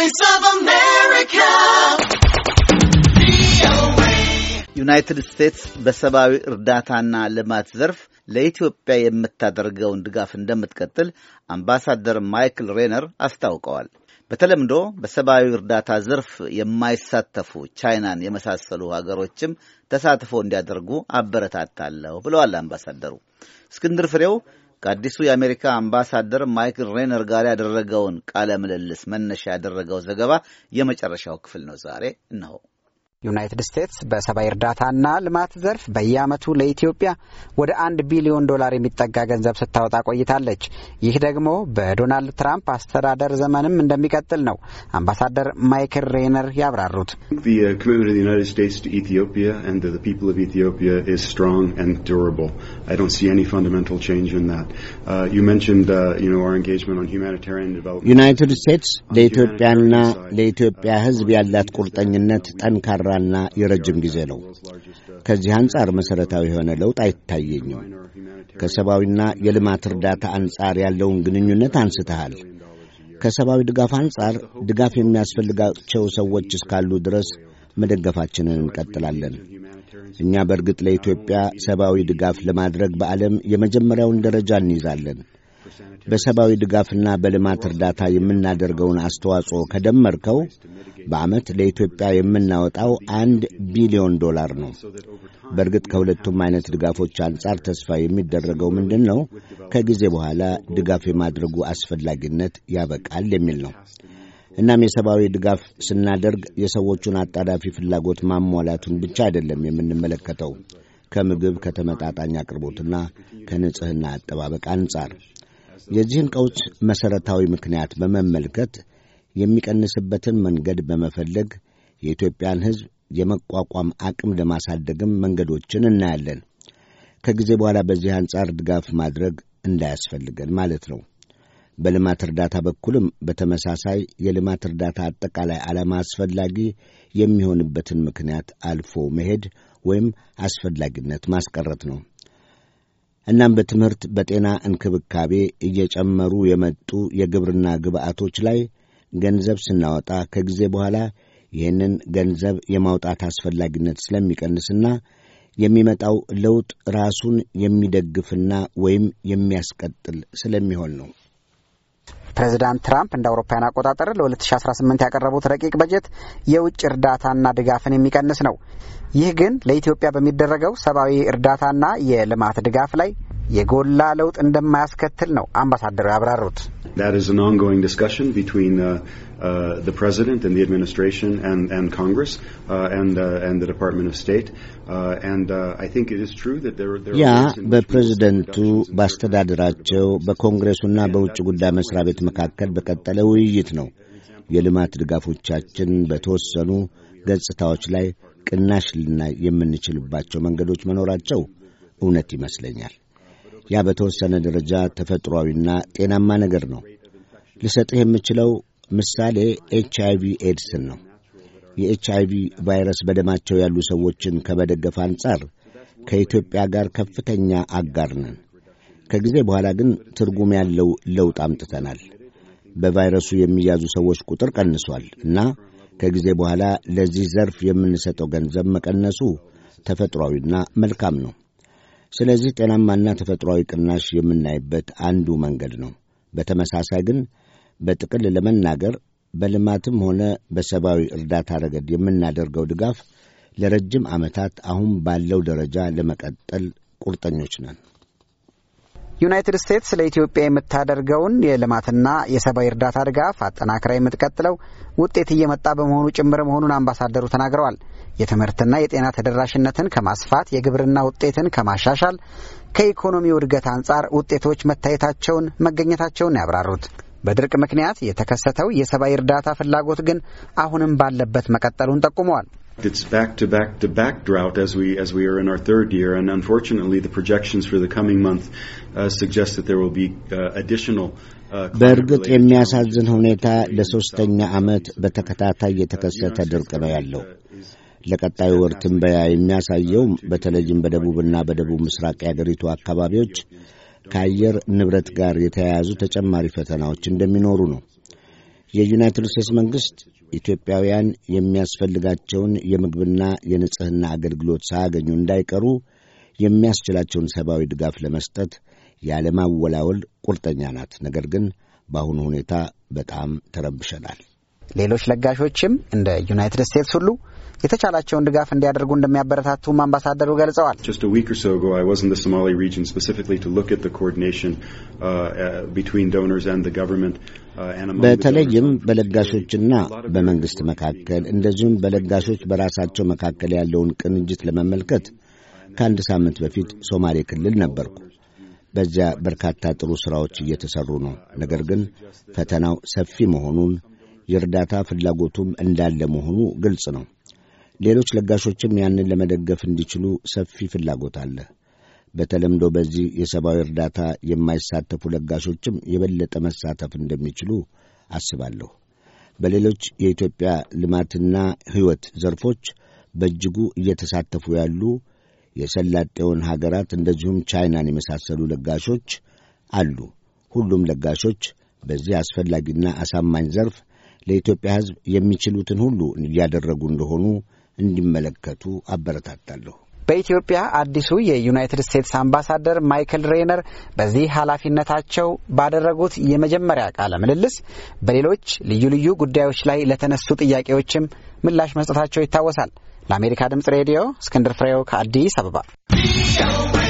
Voice of America. ዩናይትድ ስቴትስ በሰብአዊ እርዳታና ልማት ዘርፍ ለኢትዮጵያ የምታደርገውን ድጋፍ እንደምትቀጥል አምባሳደር ማይክል ሬነር አስታውቀዋል። በተለምዶ በሰብአዊ እርዳታ ዘርፍ የማይሳተፉ ቻይናን የመሳሰሉ ሀገሮችም ተሳትፎ እንዲያደርጉ አበረታታለሁ ብለዋል አምባሳደሩ። እስክንድር ፍሬው ከአዲሱ የአሜሪካ አምባሳደር ማይክል ሬነር ጋር ያደረገውን ቃለ ምልልስ መነሻ ያደረገው ዘገባ የመጨረሻው ክፍል ነው። ዛሬ እነሆ። ዩናይትድ ስቴትስ በሰብአዊ እርዳታና ልማት ዘርፍ በየዓመቱ ለኢትዮጵያ ወደ አንድ ቢሊዮን ዶላር የሚጠጋ ገንዘብ ስታወጣ ቆይታለች። ይህ ደግሞ በዶናልድ ትራምፕ አስተዳደር ዘመንም እንደሚቀጥል ነው አምባሳደር ማይክል ሬነር ያብራሩት። ዩናይትድ ስቴትስ uh, uh, ለኢትዮጵያና ለኢትዮጵያ ሕዝብ ያላት ቁርጠኝነት ጠንካራ የጠራና የረጅም ጊዜ ነው። ከዚህ አንጻር መሠረታዊ የሆነ ለውጥ አይታየኝም። ከሰብአዊና የልማት እርዳታ አንጻር ያለውን ግንኙነት አንስተሃል። ከሰብአዊ ድጋፍ አንጻር ድጋፍ የሚያስፈልጋቸው ሰዎች እስካሉ ድረስ መደገፋችንን እንቀጥላለን። እኛ በእርግጥ ለኢትዮጵያ ሰብአዊ ድጋፍ ለማድረግ በዓለም የመጀመሪያውን ደረጃ እንይዛለን። በሰብአዊ ድጋፍና በልማት እርዳታ የምናደርገውን አስተዋጽኦ ከደመርከው በዓመት ለኢትዮጵያ የምናወጣው አንድ ቢሊዮን ዶላር ነው። በእርግጥ ከሁለቱም አይነት ድጋፎች አንጻር ተስፋ የሚደረገው ምንድን ነው? ከጊዜ በኋላ ድጋፍ የማድረጉ አስፈላጊነት ያበቃል የሚል ነው። እናም የሰብአዊ ድጋፍ ስናደርግ የሰዎቹን አጣዳፊ ፍላጎት ማሟላቱን ብቻ አይደለም የምንመለከተው ከምግብ ከተመጣጣኝ አቅርቦትና ከንጽህና አጠባበቅ አንጻር የዚህን ቀውስ መሠረታዊ ምክንያት በመመልከት የሚቀንስበትን መንገድ በመፈለግ የኢትዮጵያን ሕዝብ የመቋቋም አቅም ለማሳደግም መንገዶችን እናያለን። ከጊዜ በኋላ በዚህ አንጻር ድጋፍ ማድረግ እንዳያስፈልገን ማለት ነው። በልማት እርዳታ በኩልም በተመሳሳይ የልማት እርዳታ አጠቃላይ ዓላማ አስፈላጊ የሚሆንበትን ምክንያት አልፎ መሄድ ወይም አስፈላጊነት ማስቀረት ነው። እናም በትምህርት በጤና እንክብካቤ እየጨመሩ የመጡ የግብርና ግብአቶች ላይ ገንዘብ ስናወጣ ከጊዜ በኋላ ይህንን ገንዘብ የማውጣት አስፈላጊነት ስለሚቀንስና የሚመጣው ለውጥ ራሱን የሚደግፍና ወይም የሚያስቀጥል ስለሚሆን ነው። ፕሬዚዳንት ትራምፕ እንደ አውሮፓውያን አቆጣጠር ለ2018 ያቀረቡት ረቂቅ በጀት የውጭ እርዳታና ድጋፍን የሚቀንስ ነው። ይህ ግን ለኢትዮጵያ በሚደረገው ሰብአዊ እርዳታና የልማት ድጋፍ ላይ የጎላ ለውጥ እንደማያስከትል ነው አምባሳደሩ ያብራሩት። That is an ongoing discussion between uh, uh, the President and the administration and, and Congress uh, and, uh, and the Department of State. Uh, and uh, I think it is true that there, there ያ በፕሬዝደንቱ በአስተዳደራቸው በኮንግሬሱና በውጭ ጉዳይ መስሪያ ቤት መካከል በቀጠለ ውይይት ነው የልማት ድጋፎቻችን በተወሰኑ ገጽታዎች ላይ ቅናሽ ልና የምንችልባቸው መንገዶች መኖራቸው እውነት ይመስለኛል። ያ በተወሰነ ደረጃ ተፈጥሯዊና ጤናማ ነገር ነው። ልሰጥህ የምችለው ምሳሌ ኤች አይቪ ኤድስን ነው። የኤች አይቪ ቫይረስ በደማቸው ያሉ ሰዎችን ከመደገፍ አንጻር ከኢትዮጵያ ጋር ከፍተኛ አጋር ነን። ከጊዜ በኋላ ግን ትርጉም ያለው ለውጥ አምጥተናል። በቫይረሱ የሚያዙ ሰዎች ቁጥር ቀንሷል እና ከጊዜ በኋላ ለዚህ ዘርፍ የምንሰጠው ገንዘብ መቀነሱ ተፈጥሯዊና መልካም ነው። ስለዚህ ጤናማና ተፈጥሯዊ ቅናሽ የምናይበት አንዱ መንገድ ነው። በተመሳሳይ ግን በጥቅል ለመናገር በልማትም ሆነ በሰብአዊ እርዳታ ረገድ የምናደርገው ድጋፍ ለረጅም ዓመታት አሁን ባለው ደረጃ ለመቀጠል ቁርጠኞች ነን። ዩናይትድ ስቴትስ ለኢትዮጵያ የምታደርገውን የልማትና የሰብአዊ እርዳታ ድጋፍ አጠናክራ የምትቀጥለው ውጤት እየመጣ በመሆኑ ጭምር መሆኑን አምባሳደሩ ተናግረዋል። የትምህርትና የጤና ተደራሽነትን ከማስፋት የግብርና ውጤትን ከማሻሻል ከኢኮኖሚው እድገት አንጻር ውጤቶች መታየታቸውን መገኘታቸውን ያብራሩት በድርቅ ምክንያት የተከሰተው የሰብአዊ እርዳታ ፍላጎት ግን አሁንም ባለበት መቀጠሉን ጠቁመዋል። It's back to back to back drought as we as we are in our third year, and unfortunately, the projections for the coming month uh, suggest that there will be uh, additional. በእርግጥ የሚያሳዝን ሁኔታ ለሦስተኛ ዓመት በተከታታይ የተከሰተ ድርቅ ነው ያለው። ለቀጣዩ ወር ትንበያ የሚያሳየውም በተለይም በደቡብና በደቡብ ምስራቅ የአገሪቱ አካባቢዎች ከአየር ንብረት ጋር የተያያዙ ተጨማሪ ፈተናዎች እንደሚኖሩ ነው። የዩናይትድ ስቴትስ መንግሥት ኢትዮጵያውያን የሚያስፈልጋቸውን የምግብና የንጽሕና አገልግሎት ሳያገኙ እንዳይቀሩ የሚያስችላቸውን ሰብአዊ ድጋፍ ለመስጠት ያለማወላወል ቁርጠኛ ናት። ነገር ግን በአሁኑ ሁኔታ በጣም ተረብሸናል። ሌሎች ለጋሾችም እንደ ዩናይትድ ስቴትስ ሁሉ የተቻላቸውን ድጋፍ እንዲያደርጉ እንደሚያበረታቱም አምባሳደሩ ገልጸዋል። uh, uh, በተለይም በለጋሾችና በመንግስት መካከል እንደዚሁም በለጋሾች በራሳቸው መካከል ያለውን ቅንጅት ለመመልከት ከአንድ ሳምንት በፊት ሶማሌ ክልል ነበርኩ። በዚያ በርካታ ጥሩ ሥራዎች እየተሠሩ ነው። ነገር ግን ፈተናው ሰፊ መሆኑን የእርዳታ ፍላጎቱም እንዳለ መሆኑ ግልጽ ነው። ሌሎች ለጋሾችም ያንን ለመደገፍ እንዲችሉ ሰፊ ፍላጎት አለ። በተለምዶ በዚህ የሰብአዊ እርዳታ የማይሳተፉ ለጋሾችም የበለጠ መሳተፍ እንደሚችሉ አስባለሁ። በሌሎች የኢትዮጵያ ልማትና ሕይወት ዘርፎች በእጅጉ እየተሳተፉ ያሉ የሰላጤውን ሀገራት እንደዚሁም ቻይናን የመሳሰሉ ለጋሾች አሉ። ሁሉም ለጋሾች በዚህ አስፈላጊና አሳማኝ ዘርፍ ለኢትዮጵያ ሕዝብ የሚችሉትን ሁሉ እያደረጉ እንደሆኑ እንዲመለከቱ አበረታታለሁ። በኢትዮጵያ አዲሱ የዩናይትድ ስቴትስ አምባሳደር ማይክል ሬነር በዚህ ኃላፊነታቸው ባደረጉት የመጀመሪያ ቃለ ምልልስ በሌሎች ልዩ ልዩ ጉዳዮች ላይ ለተነሱ ጥያቄዎችም ምላሽ መስጠታቸው ይታወሳል። ለአሜሪካ ድምፅ ሬዲዮ እስክንድር ፍሬው ከአዲስ አበባ